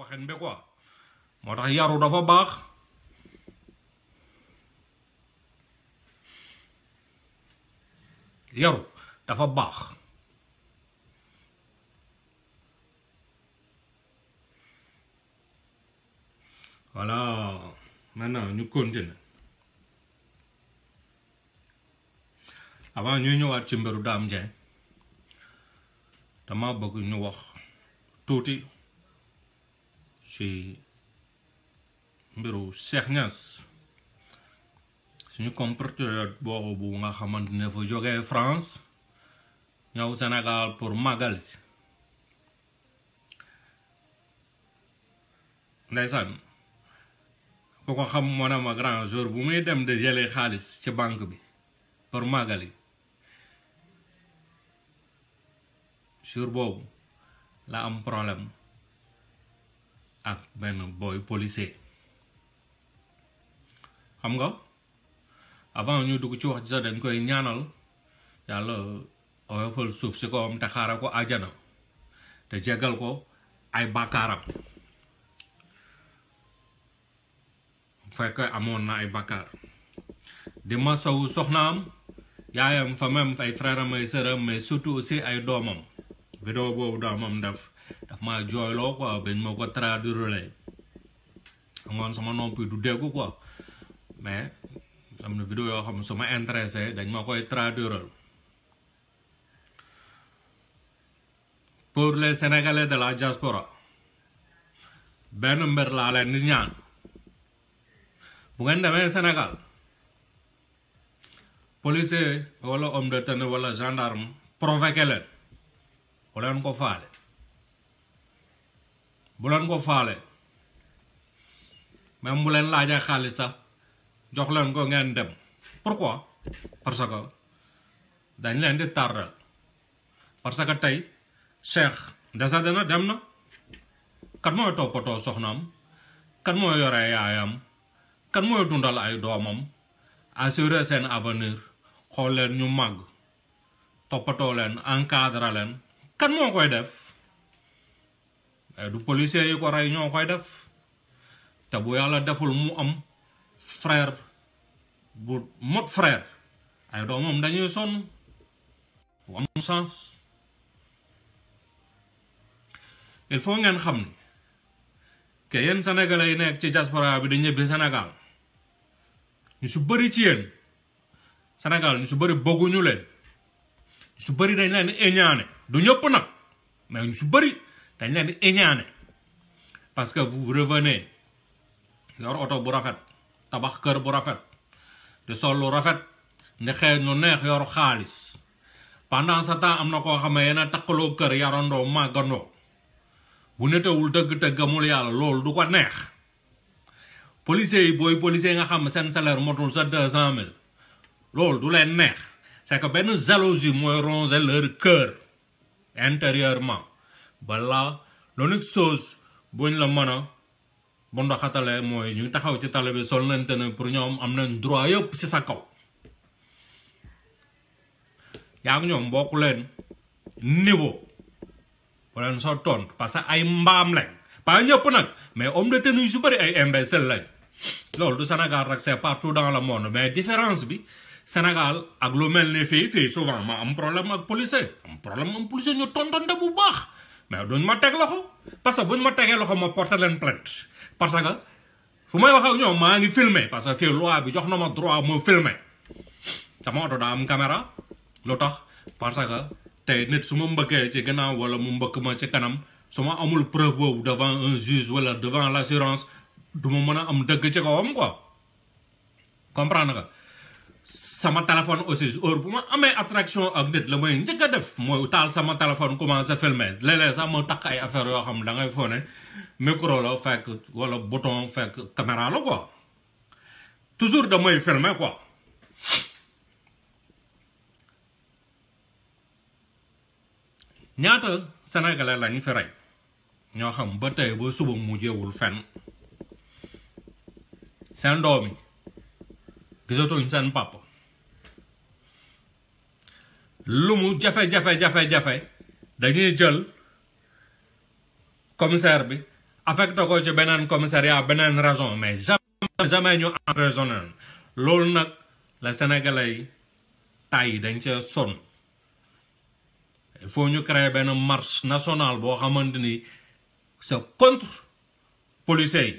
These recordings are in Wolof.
waxen bi quoi moo tax yaru dafa baax yaru dafa baax voilà maintenant ñu continuer avant ñuy ñëwaat ci mbiru Dame Dieng dama bëgg ñu wax tuuti Че mbiru Cheikh Niass suñu compatriote boobu nga xamantene fa France ñaw Sénégal pour magal si ndeysaan ko ko xam mo na ma grand jour bu muy dem de jëlee xaalis ci banque bi pour magali jour boobu la am problème ak ah, benn booy policier xam nga avant ñuy dugg ci wax ji sax dañ koy ñaanal yàlla oyofal suuf si kawam te xaaral ko àjjana te jéggal ko ay bàkkaaram fekk amoon na ay bàkkaar di masawu soxnaam yaayam fa même ay frère ay sœur mais surtout aussi ay doomam vidéo boobu doomam def ma joy lo quoi ben ma traduire lay ngon sama noppi du dégg quoi mais am video vidéo xam sama intéressé ya, dañ ma koy traduire pour les sénégalais de la diaspora ben mbir la leen di ñaan bu ngeen demee sénégal police wala homme de tenue wala gendarme ko bu leen ko faale même bu leen laaja xaalis sax jox leen ko ngeen dem pourquoi parce que dañ leen di tardal parce que tey Cheikh décédé na dem na kan mooy toppatoo soxnaam kan mooy yore yaayam kan mooy dundal ay doomam assurer seen avenir xool leen ñu màgg toppatoo leen encadre leen kan moo koy def Eh, du policiers yi ko rey ñoo koy def te bu yàlla deful mu am frère bu mot frère ay doomam dañuy sonn bu am sens il ngeen xam ni que yéen sénégalais nekk ci diaspora bi di ñibbi Sénégal ñu su ci yéen Sénégal ñu su bëri bëgguñu leen ñu su bëri dañ leen éñaane du ñëpp nag mais ñu su dañ leen di iñaane parce que vous revenez yor oto bu rafet tabax kër bu rafet di sol lu rafet ne xëy nu neex yoru xaalis pendant ce temps am na koo xam ne yéen a takkaloo kër yarandoo màggandoo bu netewul dëgg-dëgg mu yàlla lool du ko neex policiers yi booy policier nga xam seen salaire motul sa deux cent mille loolu du leen neex c'est que benn jalousie mooy ronger leur cœur intérieurement balaa l'unique chose buñ la mën a bunda xatale mooy ñu taxaw ci tale bi sol nante ne pour ñoom am nañ droit yëpp ci sa kaw yaa ngi ñoom bokk leen niveau wala ton tontu parce que ay mbaam lañ pas ñëpp nag mais homme de tenue su bëri ay imbécile lañ loolu du Sénégal rek c'est partout dans le moon mais différence bi Sénégal ak lu mel ni fii fii souvent ma am problème ak policier am problème am policier ñu tontante bu baax mais duñ ma teg loxo parce que buñ ma tegee loxo ma porté leen parce que fu may wax ak ñoom maa ngi filmer parce que fii loi bi jox na ma droit ma filmer sama oto daa am caméra lu tax parce que tey nit su ma mbëkkee ci gannaaw wala mu mbëkk ma ci kanam su ma amul preuve boobu devant un juge wala devant l' assurance du ma mën a am dëgg ci kawam quoi comprendre nga. sama téléphone aussi heure bu ma amee attraction a nit la may njëkk a def mooy taal sama téléphone commencé filmer léeg-léeg sax ma takk ay affaire yoo xam da ngay foone micro la fekk wala bouton fekk caméra la quoi toujours damay filmer quoi ñaata sénégalais lañ fi ñoo xam ba tey ba suba mu jéewul fenn seen doom yi gisatuñ papa lu mu jafe-jafe-jafe-jafe dañuy jël commissaire bi affecté ko ci beneen commissariat beneen raison mais jamais jamais ñu emprisonné loolu nag la sénégalais yi tay yi dañ cee sonn il faut ñu créer benn marche nationale boo xamante ni c'est contre policiers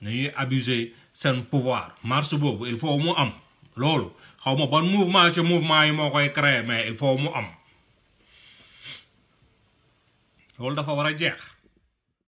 yi nañuy abuser seen pouvoir marche boobu il faut mu am loolu xaw ma ban mouvement ci mouvement yi moo koy créer mais il faut mu am loolu dafa war a jeex